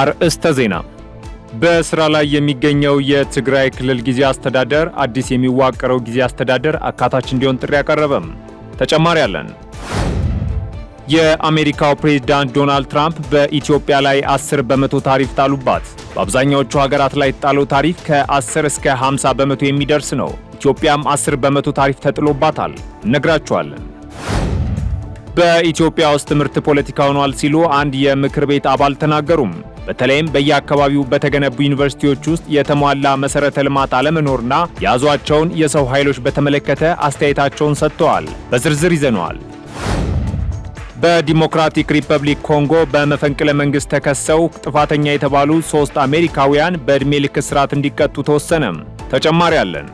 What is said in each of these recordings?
አርእስተ ዜና በስራ ላይ የሚገኘው የትግራይ ክልል ጊዜ አስተዳደር አዲስ የሚዋቀረው ጊዜ አስተዳደር አካታች እንዲሆን ጥሪ አቀረበም። ተጨማሪ አለን። የአሜሪካው ፕሬዝዳንት ዶናልድ ትራምፕ በኢትዮጵያ ላይ 10 በመቶ ታሪፍ ጣሉባት። በአብዛኛዎቹ ሀገራት ላይ ጣለው ታሪፍ ከ10 እስከ 50 በመቶ የሚደርስ ነው። ኢትዮጵያም 10 በመቶ ታሪፍ ተጥሎባታል። እነግራችኋለን። በኢትዮጵያ ውስጥ ትምህርት ፖለቲካ ሆኗል ሲሉ አንድ የምክር ቤት አባል ተናገሩም። በተለይም በየአካባቢው በተገነቡ ዩኒቨርሲቲዎች ውስጥ የተሟላ መሰረተ ልማት አለመኖርና የያዟቸውን የሰው ኃይሎች በተመለከተ አስተያየታቸውን ሰጥተዋል። በዝርዝር ይዘነዋል። በዲሞክራቲክ ሪፐብሊክ ኮንጎ በመፈንቅለ መንግሥት ተከሰው ጥፋተኛ የተባሉ ሶስት አሜሪካውያን በዕድሜ ልክ እስራት እንዲቀጡ ተወሰነም። ተጨማሪ አለን።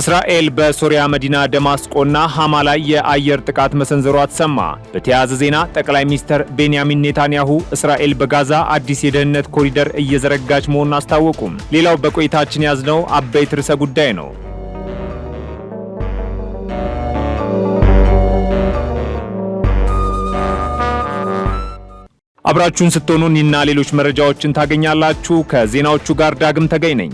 እስራኤል በሶሪያ መዲና ደማስቆና ሐማ ላይ የአየር ጥቃት መሰንዘሯ ተሰማ። በተያያዘ ዜና ጠቅላይ ሚኒስትር ቤንያሚን ኔታንያሁ እስራኤል በጋዛ አዲስ የደህንነት ኮሪደር እየዘረጋች መሆኑን አስታወቁም። ሌላው በቆይታችን ያዝነው አበይት ርዕሰ ጉዳይ ነው። አብራችሁን ስትሆኑ እና ሌሎች መረጃዎችን ታገኛላችሁ። ከዜናዎቹ ጋር ዳግም ተገኝ ነኝ።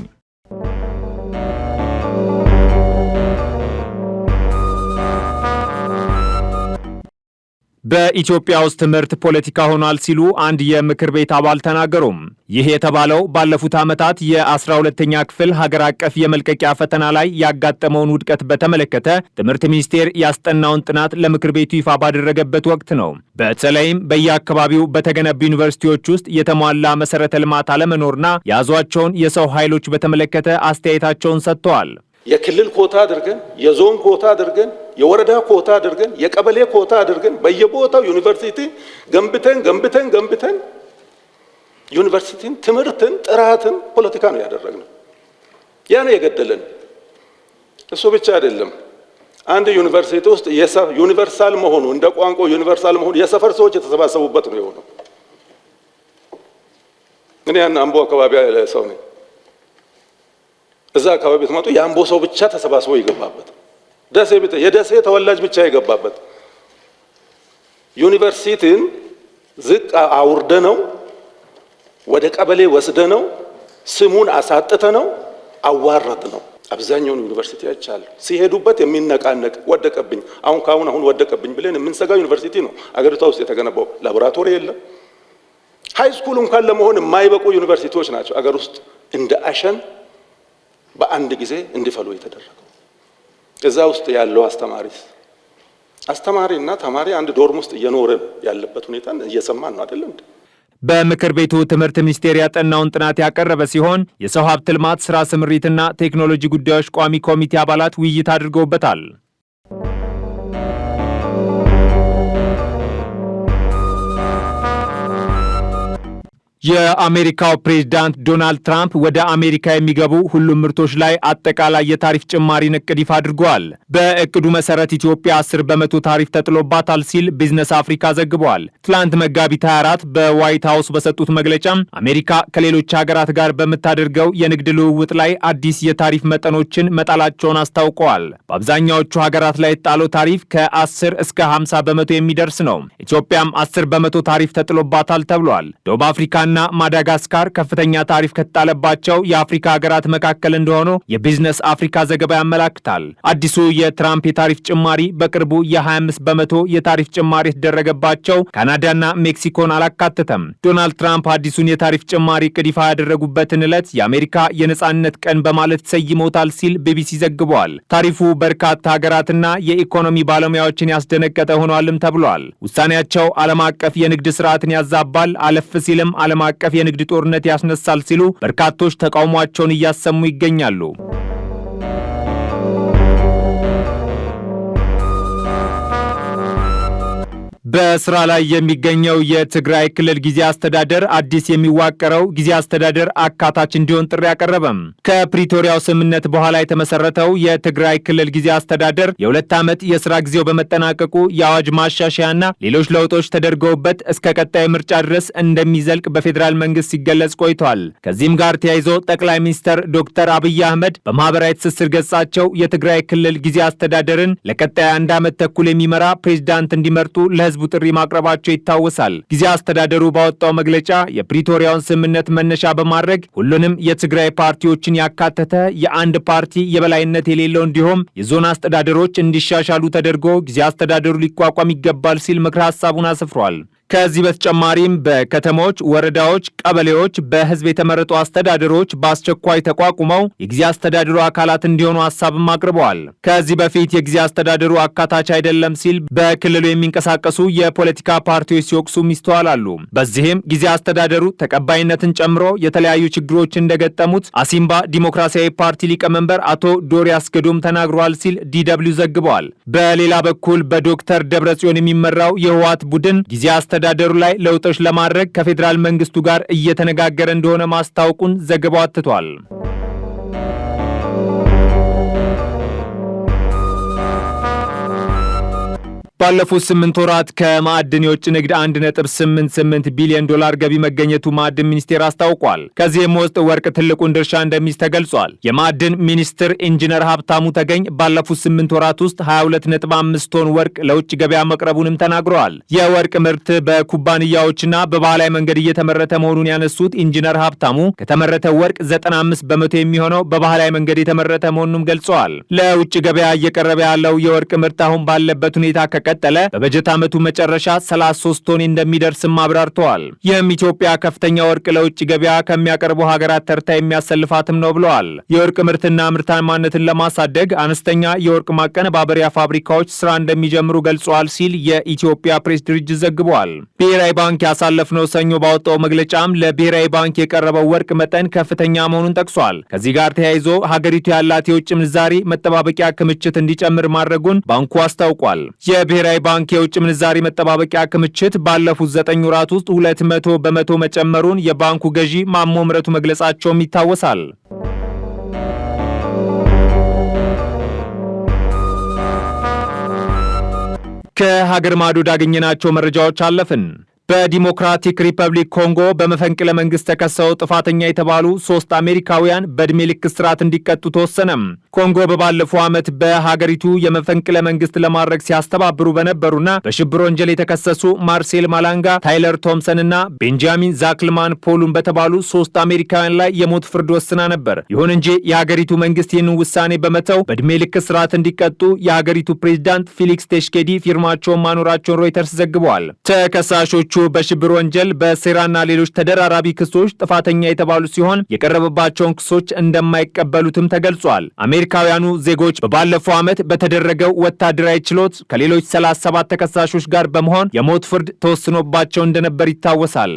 በኢትዮጵያ ውስጥ ትምህርት ፖለቲካ ሆኗል ሲሉ አንድ የምክር ቤት አባል ተናገሩም። ይህ የተባለው ባለፉት ዓመታት የ12ተኛ ክፍል ሀገር አቀፍ የመልቀቂያ ፈተና ላይ ያጋጠመውን ውድቀት በተመለከተ ትምህርት ሚኒስቴር ያስጠናውን ጥናት ለምክር ቤቱ ይፋ ባደረገበት ወቅት ነው። በተለይም በየአካባቢው በተገነቡ ዩኒቨርሲቲዎች ውስጥ የተሟላ መሰረተ ልማት አለመኖርና የያዟቸውን የሰው ኃይሎች በተመለከተ አስተያየታቸውን ሰጥተዋል። የክልል ኮታ አድርገን የዞን ኮታ አድርገን የወረዳ ኮታ አድርገን የቀበሌ ኮታ አድርገን በየቦታው ዩኒቨርሲቲ ገንብተን ገንብተን ገንብተን ዩኒቨርሲቲን፣ ትምህርትን፣ ጥራትን ፖለቲካ ነው ያደረግነው። ያ ነው የገደለን። እሱ ብቻ አይደለም። አንድ ዩኒቨርሲቲ ውስጥ ዩኒቨርሳል መሆኑ እንደ ቋንቋ ዩኒቨርሳል መሆኑ የሰፈር ሰዎች የተሰባሰቡበት ነው የሆነው። እኔ ያን አምቦ አካባቢ ሰው ነኝ። እዛ አካባቢ ብትመጡ የአምቦ ሰው ብቻ ተሰባስቦ ይገባበት ደሴ የደሴ ተወላጅ ብቻ የገባበት ዩኒቨርሲቲን ዝቅ አውርደ ነው ወደ ቀበሌ ወስደ ነው ስሙን አሳጥተ ነው አዋረት ነው። አብዛኛውን ዩኒቨርሲቲ አይቻለሁ። ሲሄዱበት የሚነቃነቅ ወደቀብኝ፣ አሁን ካሁን አሁን ወደቀብኝ ብለን የምንሰጋ ዩኒቨርሲቲ ነው አገሪቷ ውስጥ የተገነባው። ላቦራቶሪ የለም። ሀይ ስኩል እንኳን ለመሆን የማይበቁ ዩኒቨርሲቲዎች ናቸው አገር ውስጥ እንደ አሸን በአንድ ጊዜ እንዲፈሉ የተደረገው። እዛ ውስጥ ያለው አስተማሪስ አስተማሪ እና ተማሪ አንድ ዶርም ውስጥ እየኖረ ያለበት ሁኔታ እየሰማን ነው አይደለም እንዴ? በምክር ቤቱ ትምህርት ሚኒስቴር ያጠናውን ጥናት ያቀረበ ሲሆን የሰው ሀብት ልማት ስራ ስምሪትና ቴክኖሎጂ ጉዳዮች ቋሚ ኮሚቴ አባላት ውይይት አድርገውበታል። የአሜሪካው ፕሬዝዳንት ዶናልድ ትራምፕ ወደ አሜሪካ የሚገቡ ሁሉም ምርቶች ላይ አጠቃላይ የታሪፍ ጭማሪን እቅድ ይፋ አድርገዋል። በእቅዱ መሰረት ኢትዮጵያ 10 በመቶ ታሪፍ ተጥሎባታል ሲል ቢዝነስ አፍሪካ ዘግቧል። ትላንት መጋቢት 24 በዋይት ሀውስ በሰጡት መግለጫ አሜሪካ ከሌሎች ሀገራት ጋር በምታደርገው የንግድ ልውውጥ ላይ አዲስ የታሪፍ መጠኖችን መጣላቸውን አስታውቀዋል። በአብዛኛዎቹ ሀገራት ላይ የጣለው ታሪፍ ከ10 እስከ 50 በመቶ የሚደርስ ነው። ኢትዮጵያም 10 በመቶ ታሪፍ ተጥሎባታል ተብሏል። ደቡብ አፍሪካና ግብፅና ማዳጋስካር ከፍተኛ ታሪፍ ከተጣለባቸው የአፍሪካ ሀገራት መካከል እንደሆኑ የቢዝነስ አፍሪካ ዘገባ ያመላክታል። አዲሱ የትራምፕ የታሪፍ ጭማሪ በቅርቡ የ25 በመቶ የታሪፍ ጭማሪ የተደረገባቸው ካናዳና ሜክሲኮን አላካተተም። ዶናልድ ትራምፕ አዲሱን የታሪፍ ጭማሪ እቅድ ይፋ ያደረጉበትን ዕለት የአሜሪካ የነጻነት ቀን በማለት ሰይመውታል ሲል ቢቢሲ ዘግቧል። ታሪፉ በርካታ ሀገራትና የኢኮኖሚ ባለሙያዎችን ያስደነገጠ ሆኗልም ተብሏል። ውሳኔያቸው ዓለም አቀፍ የንግድ ስርዓትን ያዛባል፣ አለፍ ሲልም ዓለም ዓለም አቀፍ የንግድ ጦርነት ያስነሳል ሲሉ በርካቶች ተቃውሟቸውን እያሰሙ ይገኛሉ። በስራ ላይ የሚገኘው የትግራይ ክልል ጊዜ አስተዳደር አዲስ የሚዋቀረው ጊዜ አስተዳደር አካታች እንዲሆን ጥሪ አቀረበም። ከፕሪቶሪያው ስምምነት በኋላ የተመሰረተው የትግራይ ክልል ጊዜ አስተዳደር የሁለት ዓመት የስራ ጊዜው በመጠናቀቁ የአዋጅ ማሻሻያና ሌሎች ለውጦች ተደርገውበት እስከ ቀጣይ ምርጫ ድረስ እንደሚዘልቅ በፌዴራል መንግስት ሲገለጽ ቆይቷል። ከዚህም ጋር ተያይዞ ጠቅላይ ሚኒስትር ዶክተር አብይ አህመድ በማህበራዊ ትስስር ገጻቸው የትግራይ ክልል ጊዜ አስተዳደርን ለቀጣይ አንድ ዓመት ተኩል የሚመራ ፕሬዚዳንት እንዲመርጡ ለህዝብ ለህዝቡ ጥሪ ማቅረባቸው ይታወሳል። ጊዜ አስተዳደሩ ባወጣው መግለጫ የፕሪቶሪያውን ስምምነት መነሻ በማድረግ ሁሉንም የትግራይ ፓርቲዎችን ያካተተ የአንድ ፓርቲ የበላይነት የሌለው እንዲሁም የዞን አስተዳደሮች እንዲሻሻሉ ተደርጎ ጊዜ አስተዳደሩ ሊቋቋም ይገባል ሲል ምክረ ሀሳቡን አስፍሯል። ከዚህ በተጨማሪም በከተሞች፣ ወረዳዎች፣ ቀበሌዎች በህዝብ የተመረጡ አስተዳደሮች በአስቸኳይ ተቋቁመው የጊዜ አስተዳደሩ አካላት እንዲሆኑ ሀሳብም አቅርበዋል። ከዚህ በፊት የጊዜ አስተዳደሩ አካታች አይደለም ሲል በክልሉ የሚንቀሳቀሱ የፖለቲካ ፓርቲዎች ሲወቅሱ ይስተዋላሉ። በዚህም ጊዜ አስተዳደሩ ተቀባይነትን ጨምሮ የተለያዩ ችግሮች እንደገጠሙት አሲምባ ዲሞክራሲያዊ ፓርቲ ሊቀመንበር አቶ ዶሪ አስገዶም ተናግረዋል ሲል ዲደብሊው ዘግበዋል። በሌላ በኩል በዶክተር ደብረጽዮን የሚመራው የህወሓት ቡድን ጊዜ አስተዳደሩ ላይ ለውጦች ለማድረግ ከፌዴራል መንግስቱ ጋር እየተነጋገረ እንደሆነ ማስታወቁን ዘገባው አትቷል። ባለፉት ስምንት ወራት ከማዕድን የውጭ ንግድ ስምንት ቢሊዮን ዶላር ገቢ መገኘቱ ማዕድን ሚኒስቴር አስታውቋል። ከዚህም ውስጥ ወርቅ ትልቁን ድርሻ እንደሚይዝ ተገልጿል። የማዕድን ሚኒስትር ኢንጂነር ሀብታሙ ተገኝ ባለፉት ስምንት ወራት ውስጥ 22.5 ቶን ወርቅ ለውጭ ገበያ መቅረቡንም ተናግረዋል። የወርቅ ምርት በኩባንያዎችና በባህላዊ መንገድ እየተመረተ መሆኑን ያነሱት ኢንጂነር ሀብታሙ ከተመረተ ወርቅ 95 በመቶ የሚሆነው በባህላዊ መንገድ የተመረተ መሆኑንም ገልጸዋል። ለውጭ ገበያ እየቀረበ ያለው የወርቅ ምርት አሁን ባለበት ሁኔታ ከ ከቀጠለ በበጀት ዓመቱ መጨረሻ 33 ቶን እንደሚደርስም አብራርተዋል። ይህም ኢትዮጵያ ከፍተኛ ወርቅ ለውጭ ገበያ ከሚያቀርቡ ሀገራት ተርታ የሚያሰልፋትም ነው ብለዋል። የወርቅ ምርትና ምርታማነትን ለማሳደግ አነስተኛ የወርቅ ማቀነባበሪያ ፋብሪካዎች ስራ እንደሚጀምሩ ገልጸዋል ሲል የኢትዮጵያ ፕሬስ ድርጅት ዘግቧል። ብሔራዊ ባንክ ያሳለፍነው ሰኞ ባወጣው መግለጫም ለብሔራዊ ባንክ የቀረበው ወርቅ መጠን ከፍተኛ መሆኑን ጠቅሷል። ከዚህ ጋር ተያይዞ ሀገሪቱ ያላት የውጭ ምንዛሪ መጠባበቂያ ክምችት እንዲጨምር ማድረጉን ባንኩ አስታውቋል። ብሔራዊ ባንክ የውጭ ምንዛሪ መጠባበቂያ ክምችት ባለፉት ዘጠኝ ወራት ውስጥ ሁለት መቶ በመቶ መጨመሩን የባንኩ ገዢ ማሞ ምረቱ መግለጻቸውም ይታወሳል። ከሀገር ማዶ ያገኘናቸው መረጃዎች አለፍን። በዲሞክራቲክ ሪፐብሊክ ኮንጎ በመፈንቅለ መንግስት ተከሰው ጥፋተኛ የተባሉ ሶስት አሜሪካውያን በእድሜ ልክ እስራት እንዲቀጡ ተወሰነም ኮንጎ በባለፈው ዓመት በሀገሪቱ የመፈንቅለ መንግስት ለማድረግ ሲያስተባብሩ በነበሩና በሽብር ወንጀል የተከሰሱ ማርሴል ማላንጋ፣ ታይለር ቶምሰን እና ቤንጃሚን ዛክልማን ፖሉን በተባሉ ሶስት አሜሪካውያን ላይ የሞት ፍርድ ወስና ነበር። ይሁን እንጂ የሀገሪቱ መንግስት ይህንን ውሳኔ በመተው በእድሜ ልክ እስራት እንዲቀጡ የሀገሪቱ ፕሬዚዳንት ፊሊክስ ቴሽኬዲ ፊርማቸውን ማኖራቸውን ሮይተርስ ዘግበዋል። ተከሳሾቹ በሽብር ወንጀል በሴራና ሌሎች ተደራራቢ ክሶች ጥፋተኛ የተባሉ ሲሆን የቀረበባቸውን ክሶች እንደማይቀበሉትም ተገልጿል። አሜሪካውያኑ ዜጎች በባለፈው ዓመት በተደረገው ወታደራዊ ችሎት ከሌሎች 37 ተከሳሾች ጋር በመሆን የሞት ፍርድ ተወስኖባቸው እንደነበር ይታወሳል።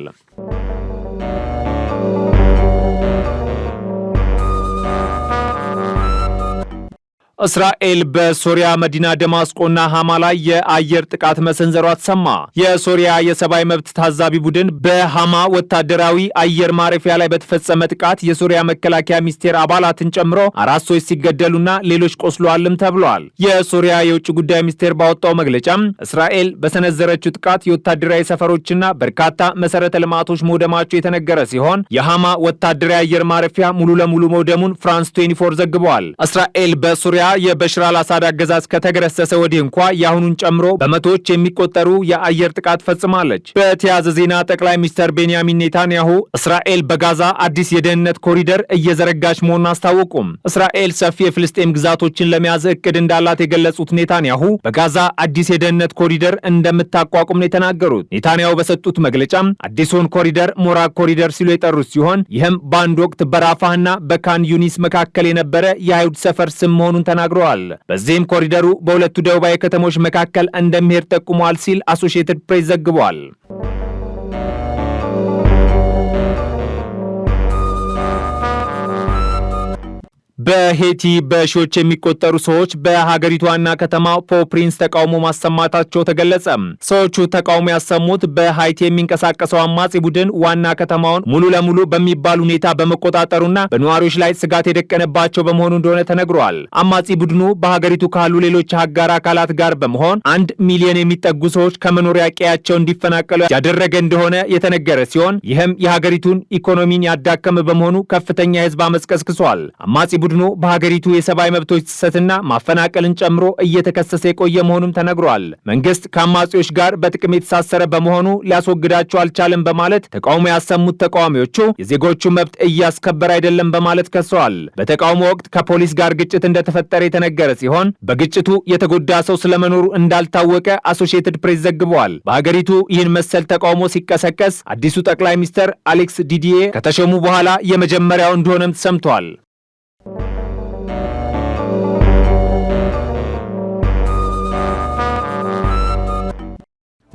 እስራኤል በሶሪያ መዲና ደማስቆና ሃማ ላይ የአየር ጥቃት መሰንዘሯ ተሰማ። የሶሪያ የሰብአዊ መብት ታዛቢ ቡድን በሃማ ወታደራዊ አየር ማረፊያ ላይ በተፈጸመ ጥቃት የሶሪያ መከላከያ ሚኒስቴር አባላትን ጨምሮ አራት ሰዎች ሲገደሉና ሌሎች ቆስለዋልም ተብለዋል። የሶሪያ የውጭ ጉዳይ ሚኒስቴር ባወጣው መግለጫም እስራኤል በሰነዘረችው ጥቃት የወታደራዊ ሰፈሮችና በርካታ መሰረተ ልማቶች መውደማቸው የተነገረ ሲሆን የሃማ ወታደራዊ አየር ማረፊያ ሙሉ ለሙሉ መውደሙን ፍራንስ 24 ዘግበዋል። እስራኤል በሶሪያ የበሽር አልአሳድ አገዛዝ ከተገረሰሰ ወዲህ እንኳ የአሁኑን ጨምሮ በመቶዎች የሚቆጠሩ የአየር ጥቃት ፈጽማለች። በተያያዘ ዜና ጠቅላይ ሚኒስትር ቤንያሚን ኔታንያሁ እስራኤል በጋዛ አዲስ የደህንነት ኮሪደር እየዘረጋች መሆኑን አስታወቁም። እስራኤል ሰፊ የፍልስጤም ግዛቶችን ለመያዝ እቅድ እንዳላት የገለጹት ኔታንያሁ በጋዛ አዲስ የደህንነት ኮሪደር እንደምታቋቁም ነው የተናገሩት። ኔታንያሁ በሰጡት መግለጫም አዲሱን ኮሪደር ሞራ ኮሪደር ሲሉ የጠሩት ሲሆን ይህም በአንድ ወቅት በራፋህና በካን ዩኒስ መካከል የነበረ የአይሁድ ሰፈር ስም መሆኑን ተናግ ተናግረዋል። በዚህም ኮሪደሩ በሁለቱ ደቡባዊ ከተሞች መካከል እንደሚሄድ ጠቁመዋል ሲል አሶሺየትድ ፕሬስ ዘግቧል። በሄቲ በሺዎች የሚቆጠሩ ሰዎች በሀገሪቱ ዋና ከተማ ፖፕሪንስ ተቃውሞ ማሰማታቸው ተገለጸ። ሰዎቹ ተቃውሞ ያሰሙት በሀይቲ የሚንቀሳቀሰው አማጺ ቡድን ዋና ከተማውን ሙሉ ለሙሉ በሚባል ሁኔታ በመቆጣጠሩና በነዋሪዎች ላይ ስጋት የደቀነባቸው በመሆኑ እንደሆነ ተነግሯል። አማጺ ቡድኑ በሀገሪቱ ካሉ ሌሎች አጋር አካላት ጋር በመሆን አንድ ሚሊዮን የሚጠጉ ሰዎች ከመኖሪያ ቀያቸው እንዲፈናቀሉ ያደረገ እንደሆነ የተነገረ ሲሆን ይህም የሀገሪቱን ኢኮኖሚን ያዳከመ በመሆኑ ከፍተኛ የህዝብ አመጽ ቀስቅሷል። አማጺ ቡድኑ በሀገሪቱ የሰብአዊ መብቶች ጥሰትና ማፈናቀልን ጨምሮ እየተከሰሰ የቆየ መሆኑም ተነግሯል። መንግስት ከአማጺዎች ጋር በጥቅም የተሳሰረ በመሆኑ ሊያስወግዳቸው አልቻለም በማለት ተቃውሞ ያሰሙት ተቃዋሚዎቹ የዜጎቹ መብት እያስከበረ አይደለም በማለት ከሰዋል። በተቃውሞ ወቅት ከፖሊስ ጋር ግጭት እንደተፈጠረ የተነገረ ሲሆን በግጭቱ የተጎዳ ሰው ስለመኖሩ እንዳልታወቀ አሶሺየትድ ፕሬስ ዘግበዋል። በሀገሪቱ ይህን መሰል ተቃውሞ ሲቀሰቀስ አዲሱ ጠቅላይ ሚኒስትር አሌክስ ዲዲዬ ከተሾሙ በኋላ የመጀመሪያው እንደሆነም ተሰምቷል።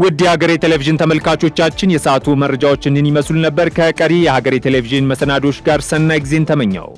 ውድ የሀገሬ ቴሌቪዥን ተመልካቾቻችን የሰዓቱ መረጃዎች እንን ይመስሉ ነበር። ከቀሪ የሀገሬ ቴሌቪዥን መሰናዶች ጋር ሰናይ ጊዜን ተመኘው።